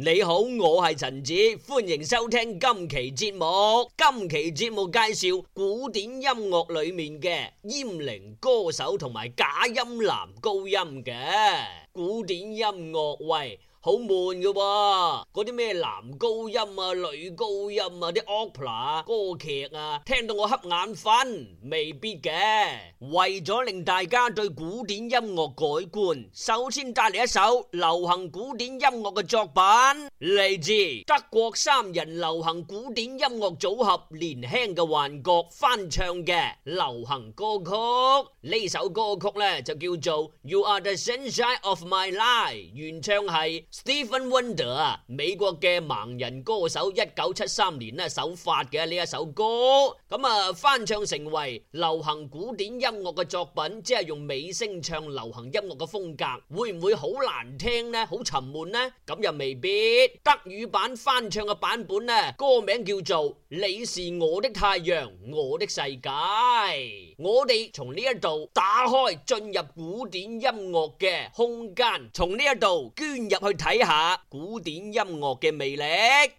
你好，我係陳子，歡迎收聽今期節目。今期節目介紹古典音樂裏面嘅閹伶歌手同埋假音男高音嘅古典音樂。喂。好悶㗎喎，嗰啲咩男高音啊、女高音啊、啲 opera 歌劇啊，聽到我黑眼瞓，未必嘅。為咗令大家對古典音樂改觀，首先帶嚟一首流行古典音樂嘅作品，嚟自德國三人流行古典音樂組合年輕嘅幻覺翻唱嘅流行歌曲。呢首歌曲呢，就叫做《You Are the Sunshine of My Life》，原唱係 Stephen Wonder，啊，美國嘅盲人歌手，一九七三年呢首發嘅呢一首歌，咁啊翻唱成為流行古典音樂嘅作品，即係用美聲唱流行音樂嘅風格，會唔會好難聽呢？好沉悶呢？咁又未必。德語版翻唱嘅版本呢，歌名叫做《你是我的太陽，我的世界》。我哋從呢一度打開進入古典音樂嘅空間，從呢一度捐入去。睇下古典音樂嘅魅力，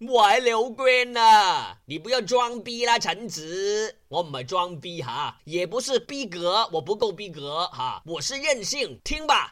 我係劉冠啊！你不要裝逼啦，陳子，我唔係裝逼嚇，也不是逼格，我不夠逼格嚇，我是任性，聽吧。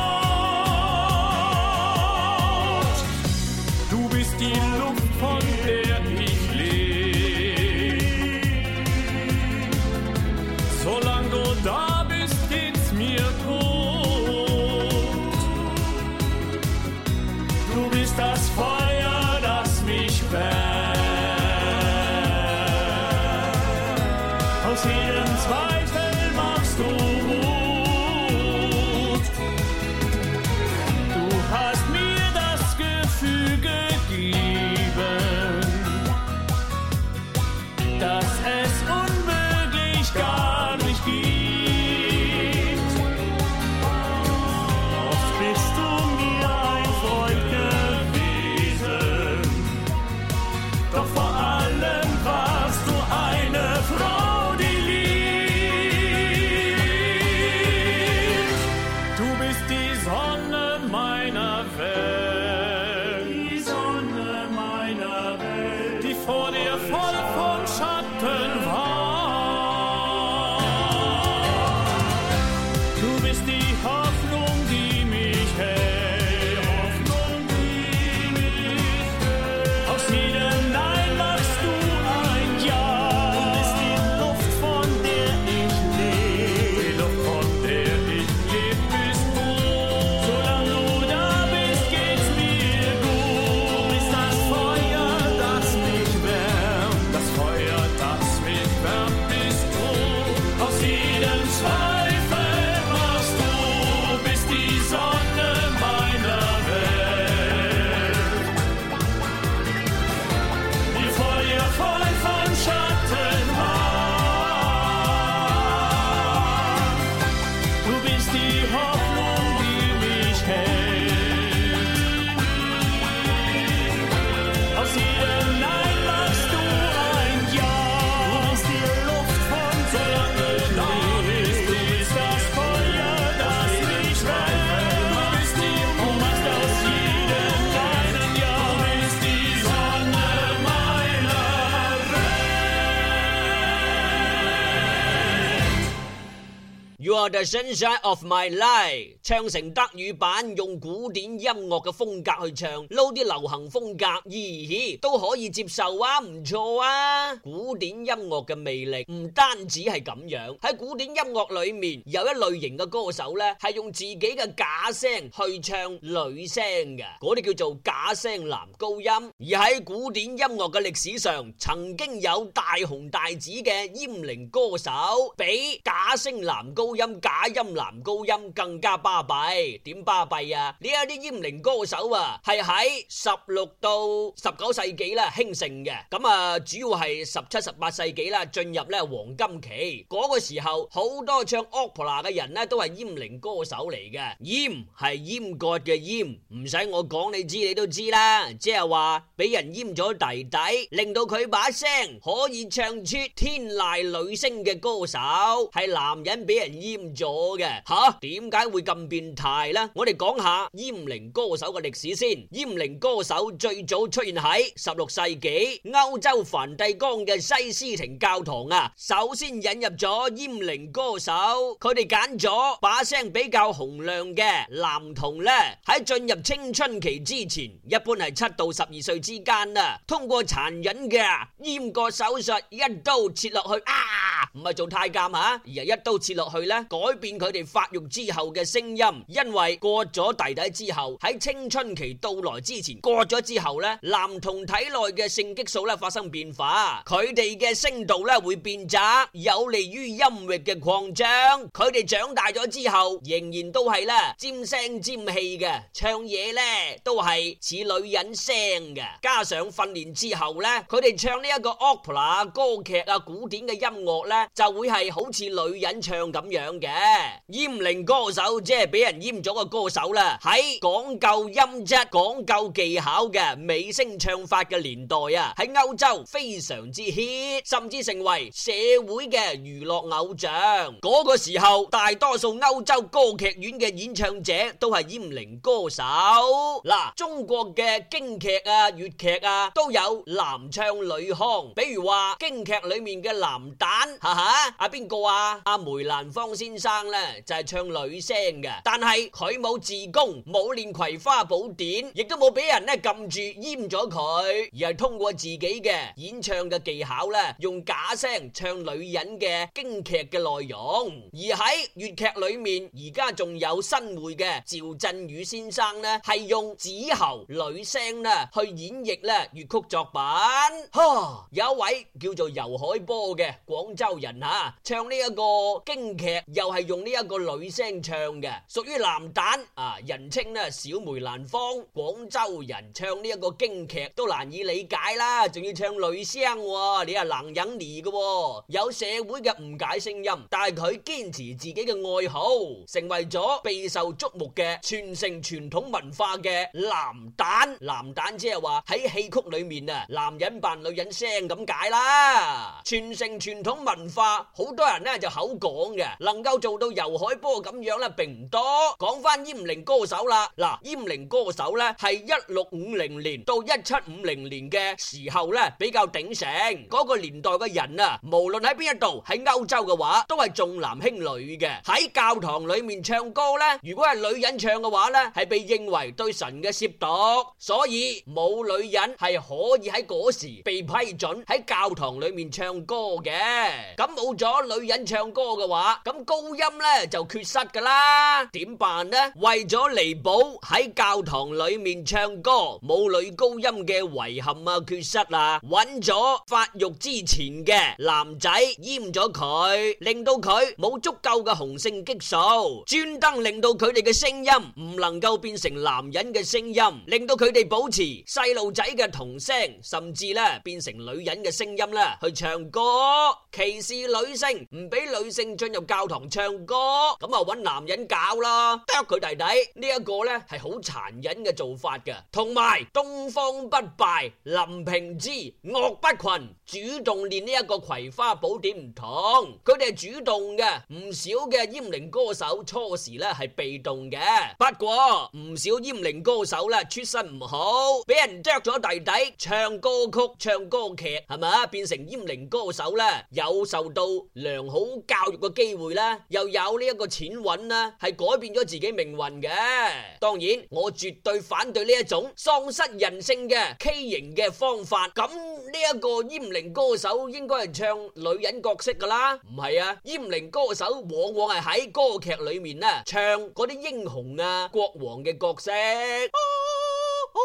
The sunshine of my life》，唱成德語版，用古典音樂嘅風格去唱，撈啲流行風格，咦咦，都可以接受啊，唔錯啊。古典音樂嘅魅力唔單止係咁樣，喺古典音樂裏面有一類型嘅歌手咧，係用自己嘅假聲去唱女聲嘅，嗰啲叫做假聲男高音。而喺古典音樂嘅歷史上，曾經有大紅大紫嘅閹伶歌手，畀假聲男高音假音男高音更加巴閉，點巴閉啊？呢一啲閹伶歌手啊，係喺十六到十九世紀啦興盛嘅，咁啊主要係十七、十八世紀啦進入咧黃金期。嗰個時候好多唱 opera 嘅人咧都係閹伶歌手嚟嘅，閹係閹割嘅閹，唔使我講你知你都知啦，即係話俾人閹咗弟弟，令到佢把聲可以唱出天籟女聲嘅歌手，係男人俾人閹。咗嘅吓，點解會咁變態咧？我哋講下閹伶歌手嘅歷史先。閹伶歌手最早出現喺十六世紀歐洲梵蒂岡嘅西斯廷教堂啊，首先引入咗閹伶歌手，佢哋揀咗把聲比較洪亮嘅男童咧，喺進入青春期之前，一般係七到十二歲之間啊，通過殘忍嘅閹割手術，一刀切落去啊，唔係做太監吓，而係一刀切落去咧。改變佢哋發育之後嘅聲音，因為割咗弟弟之後，喺青春期到來之前割咗之後咧，男童體內嘅性激素咧發生變化，佢哋嘅聲度咧會變窄，有利於音域嘅擴張。佢哋長大咗之後，仍然都係咧尖聲尖氣嘅，唱嘢咧都係似女人聲嘅。加上訓練之後咧，佢哋唱呢一個 opera 歌劇啊、古典嘅音樂咧，就會係好似女人唱咁樣嘅。誒，閹伶歌手即係俾人閹咗個歌手啦。喺講究音質、講究技巧嘅美聲唱法嘅年代啊，喺歐洲非常之 hit，甚至成為社會嘅娛樂偶像。嗰個時候，大多數歐洲歌劇院嘅演唱者都係閹伶歌手。嗱，中國嘅京劇啊、粵劇啊都有男唱女腔，比如話京劇裏面嘅男旦，哈哈，阿邊個啊？阿梅蘭芳先。生咧就係唱女聲噶但係佢冇自宮，冇練葵花寶典，亦都冇俾人咧撳住閹咗佢，而係通過自己嘅演唱嘅技巧咧，用假聲唱女人嘅京劇嘅內容。而喺粵劇裏面，而家仲有新會嘅趙振宇先生咧，係用子喉女聲咧去演繹咧粵曲作品。哈，有一位叫做游海波嘅廣州人吓，唱呢一個京劇。就係用呢一個女聲唱嘅，屬於男旦啊，人稱呢小梅蘭芳。廣州人唱呢一個京劇都難以理解啦，仲要唱女聲，哦，你係男人嚟嘅，有社會嘅誤解聲音。但係佢堅持自己嘅愛好，成為咗備受矚目嘅傳承傳統文化嘅男旦。男旦即係話喺戲曲裏面啊，男人扮女人聲咁解啦。傳承傳統文化，好多人呢就口講嘅，能夠。做到游海波咁樣咧，並唔多。講翻閹伶歌手啦，嗱，閹伶歌手咧係一六五零年到一七五零年嘅時候咧比較鼎盛。嗰個年代嘅人啊，無論喺邊一度喺歐洲嘅話，都係重男輕女嘅。喺教堂裏面唱歌咧，如果係女人唱嘅話咧，係被認為對神嘅褻瀆，所以冇女人係可以喺嗰時被批准喺教堂裏面唱歌嘅。咁冇咗女人唱歌嘅話，咁高高音咧就缺失㗎啦，點辦呢？為咗彌補喺教堂裏面唱歌冇女高音嘅遺憾啊，缺失啊，揾咗發育之前嘅男仔閹咗佢，令到佢冇足夠嘅雄性激素，專登令到佢哋嘅聲音唔能夠變成男人嘅聲音，令到佢哋保持細路仔嘅童聲，甚至咧變成女人嘅聲音咧去唱歌，歧視女性，唔俾女性進入教堂。唱歌咁啊，揾男人搞啦，剁佢弟弟呢一個呢係好殘忍嘅做法嘅。同埋東方不敗、林平之、岳不群主動練呢一個葵花寶典唔同，佢哋係主動嘅。唔少嘅閹伶歌手初時呢係被動嘅，不過唔少閹伶歌手呢出身唔好，俾人剁咗弟弟唱歌曲、唱歌劇係咪啊？變成閹伶歌手呢？有受到良好教育嘅機會呢。又有呢一個錢揾啦，係改變咗自己命運嘅。當然，我絕對反對呢一種喪失人性嘅畸形嘅方法。咁呢一個閹伶歌手應該係唱女人角色噶啦，唔係啊？閹伶歌手往往係喺歌劇裏面啦、啊，唱嗰啲英雄啊、國王嘅角色。 哦，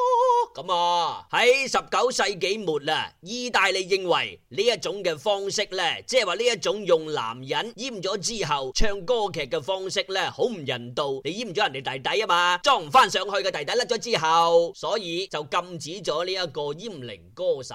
咁啊！喺十九世紀末啦，意大利認為呢一種嘅方式呢，即係話呢一種用男人閹咗之後唱歌劇嘅方式呢，好唔人道。你閹咗人哋弟弟啊嘛，裝唔翻上去嘅弟弟甩咗之後，所以就禁止咗呢一個閹伶歌手。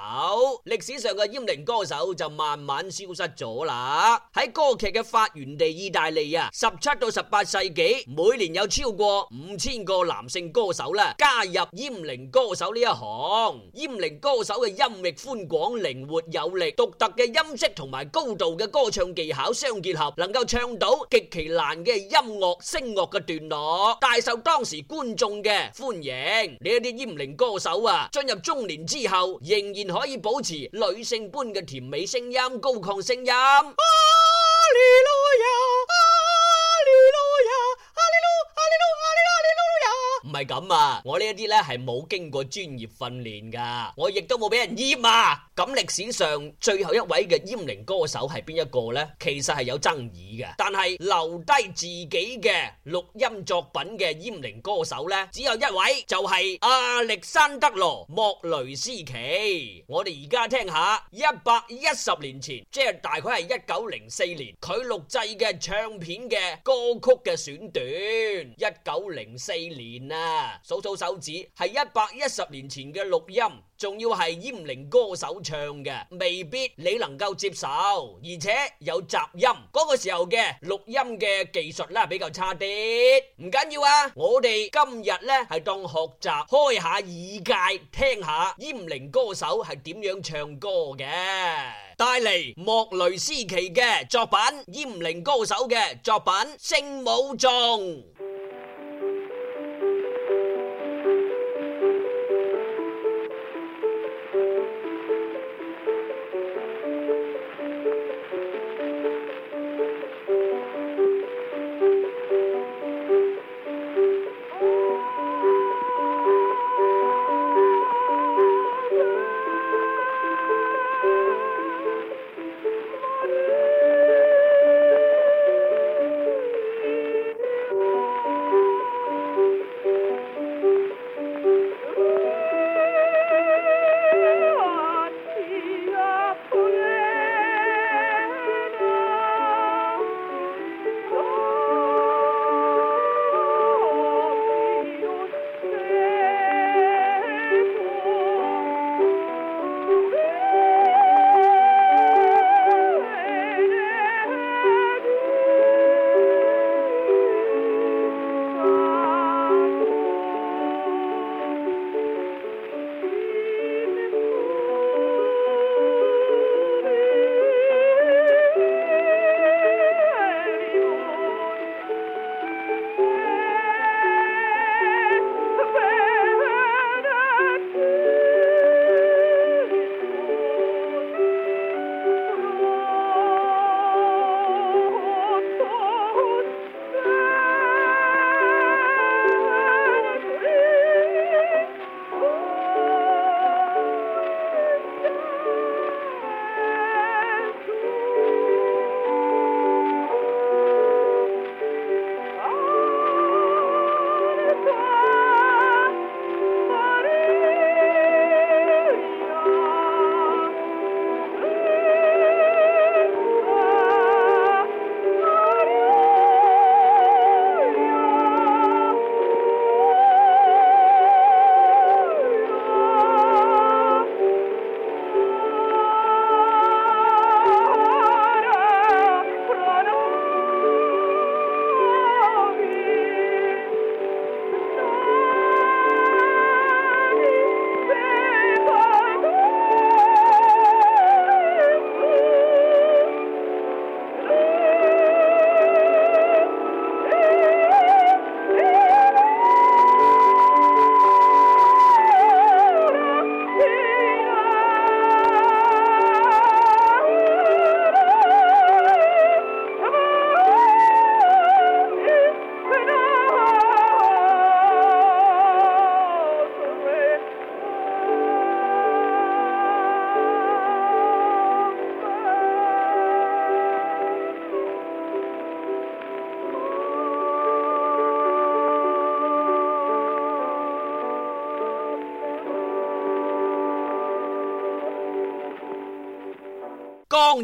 歷史上嘅閹伶歌手就慢慢消失咗啦。喺歌劇嘅發源地意大利啊，十七到十八世紀每年有超過五千個男性歌手啦，加入閹。閹伶歌手呢一行，閹伶歌手嘅音域寬廣、靈活有力，獨特嘅音色同埋高度嘅歌唱技巧相結合，能夠唱到極其難嘅音樂聲樂嘅段落，大受當時觀眾嘅歡迎。呢一啲閹伶歌手啊，進入中年之後仍然可以保持女性般嘅甜美聲音、高亢聲音。哈利路亞，哈利路亞，哈利路，哈利路，哈利路，哈利路。唔係咁啊！我呢一啲咧係冇經過專業訓練噶我亦都冇俾人閹啊！咁歷史上最後一位嘅閹伶歌手係邊一個咧？其實係有爭議嘅，但係留低自己嘅錄音作品嘅閹伶歌手咧，只有一位，就係阿歷山德羅莫雷斯奇。我哋而家聽下一百一十年前，即係大概係一九零四年，佢錄製嘅唱片嘅歌曲嘅選段。一九零四年。啊，數數手指，係一百一十年前嘅錄音，仲要係閹伶歌手唱嘅，未必你能夠接受，而且有雜音。嗰個時候嘅錄音嘅技術咧比較差啲，唔緊要啊。我哋今日咧係當學習，開下耳界，聽下閹伶歌手係點樣唱歌嘅，帶嚟莫雷斯奇嘅作品，閹伶歌手嘅作品《聖母頌》。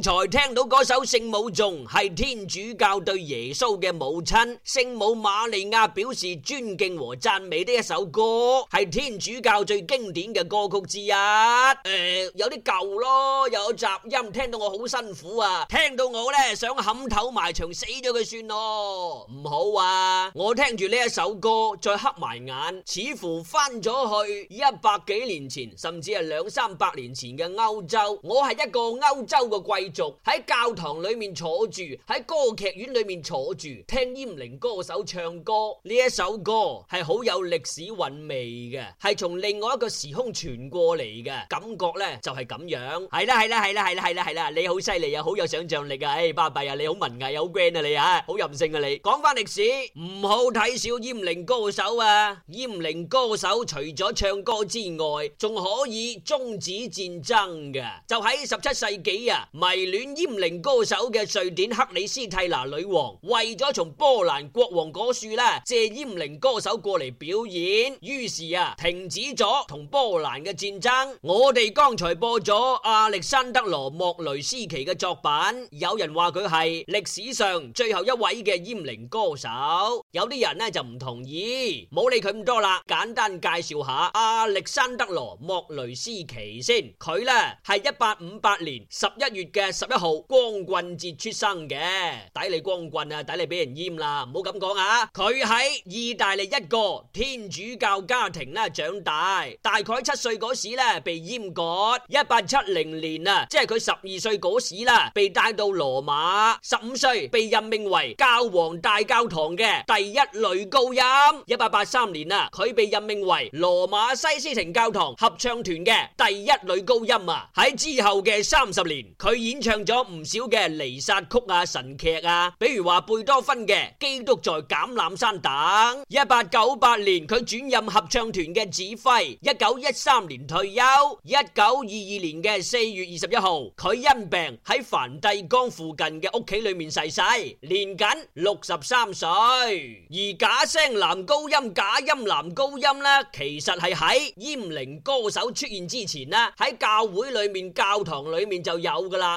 才聽到首聖母頌，係天主教對耶穌嘅母親聖母瑪利亞表示尊敬和讚美的一首歌，係天主教最經典嘅歌曲之一。誒、呃，有啲舊咯，又有雜音，聽到我好辛苦啊！聽到我咧想冚頭埋牆死咗佢算咯，唔好啊！我聽住呢一首歌，再黑埋眼，似乎翻咗去一百幾年前，甚至係兩三百年前嘅歐洲。我係一個歐洲嘅貴。喺教堂裏面坐住，喺歌劇院裏面坐住聽閹伶歌手唱歌。呢一首歌係好有歷史韻味嘅，係從另外一個時空傳過嚟嘅感覺呢，就係咁樣。係啦係啦係啦係啦係啦係啦，你好犀利啊，好有想象力啊，唉，巴閉啊，你好文藝又好 grand 啊，你啊，好任性啊你。講翻歷史，唔好睇小閹伶歌手啊，閹伶歌手除咗唱歌之外，仲可以終止戰爭嘅。就喺十七世紀啊，咪。迷戀閹伶歌手嘅瑞典克里斯蒂娜女王，為咗從波蘭國王嗰處咧借閹伶歌手過嚟表演，於是啊停止咗同波蘭嘅戰爭。我哋剛才播咗亞歷山德羅莫雷斯奇嘅作品，有人話佢係歷史上最後一位嘅閹伶歌手，有啲人咧就唔同意，冇理佢咁多啦。簡單介紹下亞歷山德羅莫雷斯奇先，佢咧係一八五八年十一月嘅。十一號光棍節出生嘅，抵你光棍啊！抵你俾人閹啦！唔好咁講啊！佢喺意大利一個天主教家庭咧長大，大概七歲嗰時咧被閹割。一八七零年啊，即係佢十二歲嗰時啦，被帶到羅馬。十五歲被任命為教皇大教堂嘅第一女高音。一八八三年啊，佢被任命為羅馬西斯廷教堂合唱團嘅第一女高音啊！喺之後嘅三十年，佢演唱咗唔少嘅彌撒曲啊、神劇啊，比如話貝多芬嘅《基督在橄欖山》等。一八九八年佢轉任合唱團嘅指揮，一九一三年退休，一九二二年嘅四月二十一號，佢因病喺梵蒂岡附近嘅屋企裏面逝世，年僅六十三歲。而假聲男高音、假音男高音呢，其實係喺閹伶歌手出現之前呢，喺教會裏面、教堂裏面就有㗎喇。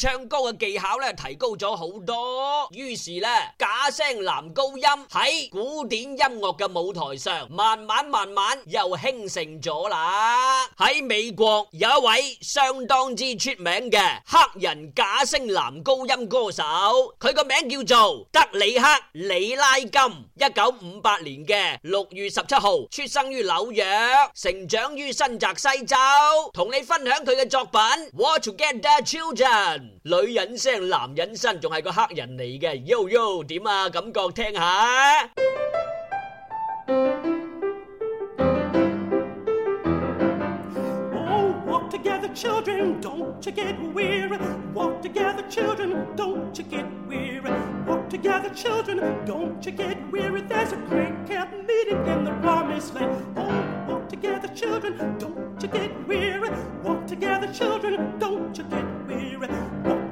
唱歌嘅技巧咧提高咗好多，於是咧假聲男高音喺古典音樂嘅舞台上，慢慢慢慢又興盛咗啦。喺美國有一位相當之出名嘅黑人假聲男高音歌手，佢個名叫做德里克·李拉金。一九五八年嘅六月十七號，出生於紐約，成長於新澤西州。同你分享佢嘅作品《What to Get the Children》。女人聲，男人身，仲係個黑人嚟嘅，喲喲，點啊？感覺聽下。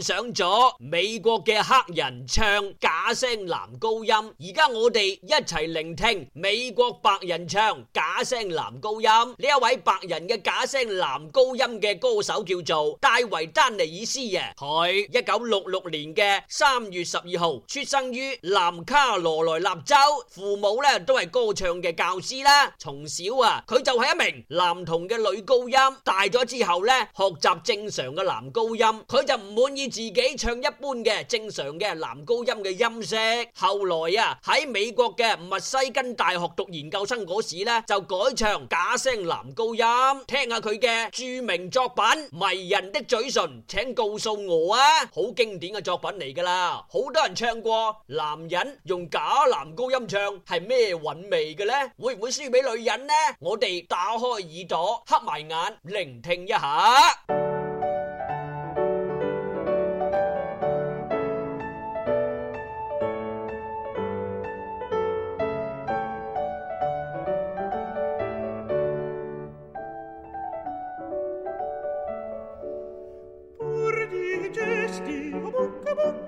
上咗。美國嘅黑人唱假聲男高音，而家我哋一齊聆聽美國白人唱假聲男高音。呢一位白人嘅假聲男高音嘅歌手叫做戴維丹尼爾斯爺，佢一九六六年嘅三月十二號出生於南卡羅來納州，父母咧都係歌唱嘅教師啦。從小啊，佢就係一名男童嘅女高音，大咗之後咧學習正常嘅男高音，佢就唔滿意自己唱一般。般嘅正常嘅男高音嘅音色，後來啊，喺美國嘅密西根大學讀研究生嗰時呢，就改唱假聲男高音，聽下佢嘅著名作品《迷人的嘴唇》，請告訴我啊，好經典嘅作品嚟噶啦，好多人唱過。男人用假男高音唱係咩韻味嘅呢？會唔會輸俾女人呢？我哋打開耳朵，黑埋眼聆聽一下。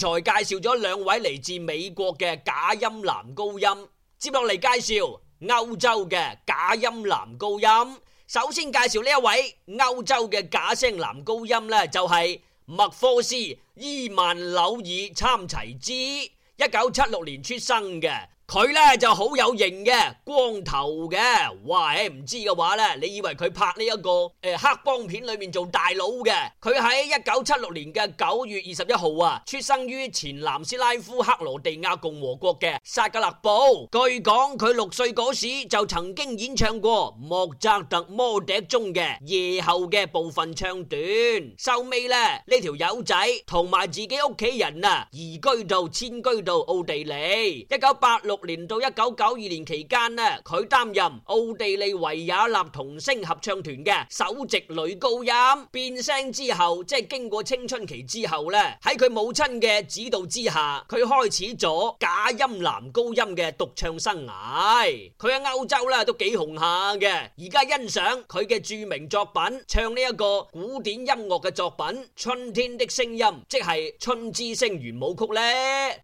才介紹咗兩位嚟自美國嘅假音男高音，接落嚟介紹歐洲嘅假音男高音。首先介紹呢一位歐洲嘅假聲男高音呢就係麥科斯伊曼紐爾參齊茲，一九七六年出生嘅。佢咧就好有型嘅，光頭嘅，哇！誒，唔知嘅話咧，你以為佢拍呢一個誒黑幫片裏面做大佬嘅？佢喺一九七六年嘅九月二十一號啊，出生於前南斯拉夫克羅地亞共和國嘅薩格勒布。據講佢六歲嗰時就曾經演唱過莫扎特《魔笛》中嘅夜后嘅部分唱段。收尾咧，呢條友仔同埋自己屋企人啊移居到遷居到奧地利。一九八六。年到一九九二年期間咧，佢擔任奧地利維也納童聲合唱團嘅首席女高音。變聲之後，即係經過青春期之後咧，喺佢母親嘅指導之下，佢開始咗假音男高音嘅獨唱生涯。佢喺歐洲咧都幾紅下嘅。而家欣賞佢嘅著名作品，唱呢一個古典音樂嘅作品《春天的聲音》，即係《春之聲圓舞曲》咧。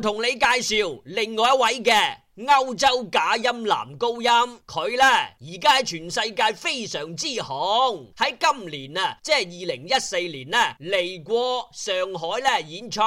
同你介紹另外一位嘅歐洲假音男高音，佢咧。而家喺全世界非常之紅，喺今年啊，即係二零一四年咧嚟過上海咧演出，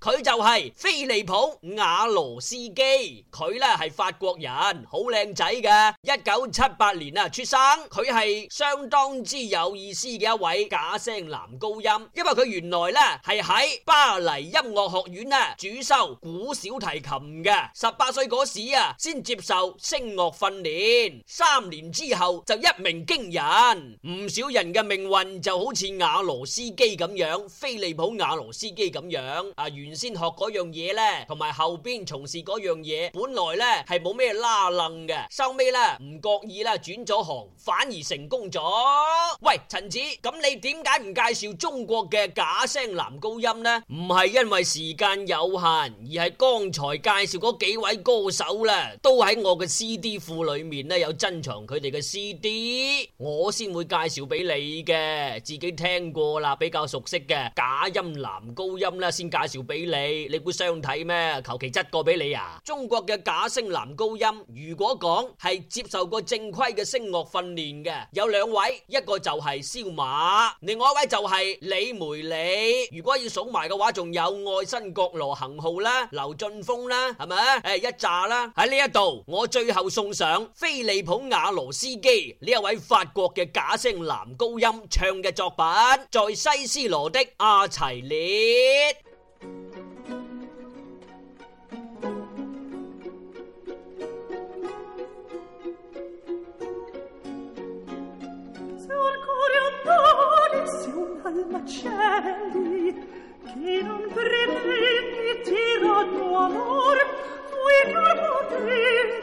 佢就係菲利普瓦羅斯基，佢咧係法國人，好靚仔嘅，一九七八年啊出生，佢係相當之有意思嘅一位假聲男高音，因為佢原來咧係喺巴黎音樂學院咧主修古小提琴嘅，十八歲嗰時啊先接受聲樂訓練，三。年之後就一鳴驚人，唔少人嘅命運就好似瓦羅斯基咁樣，菲利普瓦羅斯基咁樣。啊，原先學嗰樣嘢呢，同埋後邊從事嗰樣嘢，本來呢係冇咩拉楞嘅，收尾呢，唔覺意啦，轉咗行，反而成功咗。喂，陳子，咁你點解唔介紹中國嘅假聲男高音呢？唔係因為時間有限，而係剛才介紹嗰幾位歌手呢，都喺我嘅 CD 庫裏面呢有珍藏。佢哋嘅 CD，我先會介紹俾你嘅，自己聽過啦，比較熟悉嘅假音男高音啦，先介紹俾你。你估相睇咩？求其質過俾你啊！中國嘅假聲男高音，如果講係接受過正規嘅聲樂訓練嘅，有兩位，一個就係蕭馬，另外一位就係李梅里。如果要數埋嘅話，仲有愛新覺羅恒浩啦、劉俊峰啦，係咪？誒，一拃啦。喺呢一度，我最後送上菲利普雅羅斯基呢一位法國嘅假聲男高音唱嘅作品，在西斯羅的《阿齊列》。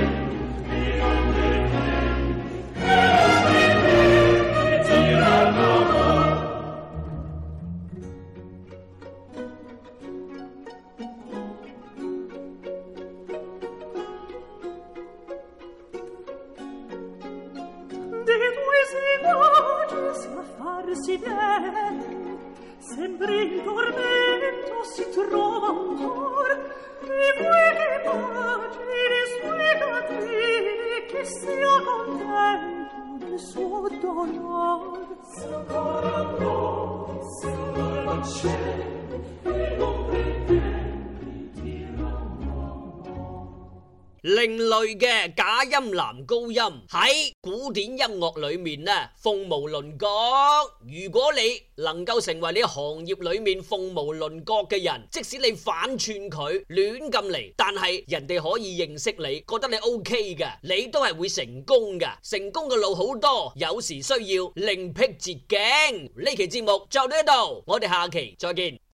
高音喺古典音樂裏面呢，鳳毛麟角。如果你能夠成為你行業裏面鳳毛麟角嘅人，即使你反串佢，亂咁嚟，但係人哋可以認識你，覺得你 OK 嘅，你都係會成功嘅。成功嘅路好多，有時需要另闢捷徑。呢期節目就到呢度，我哋下期再見。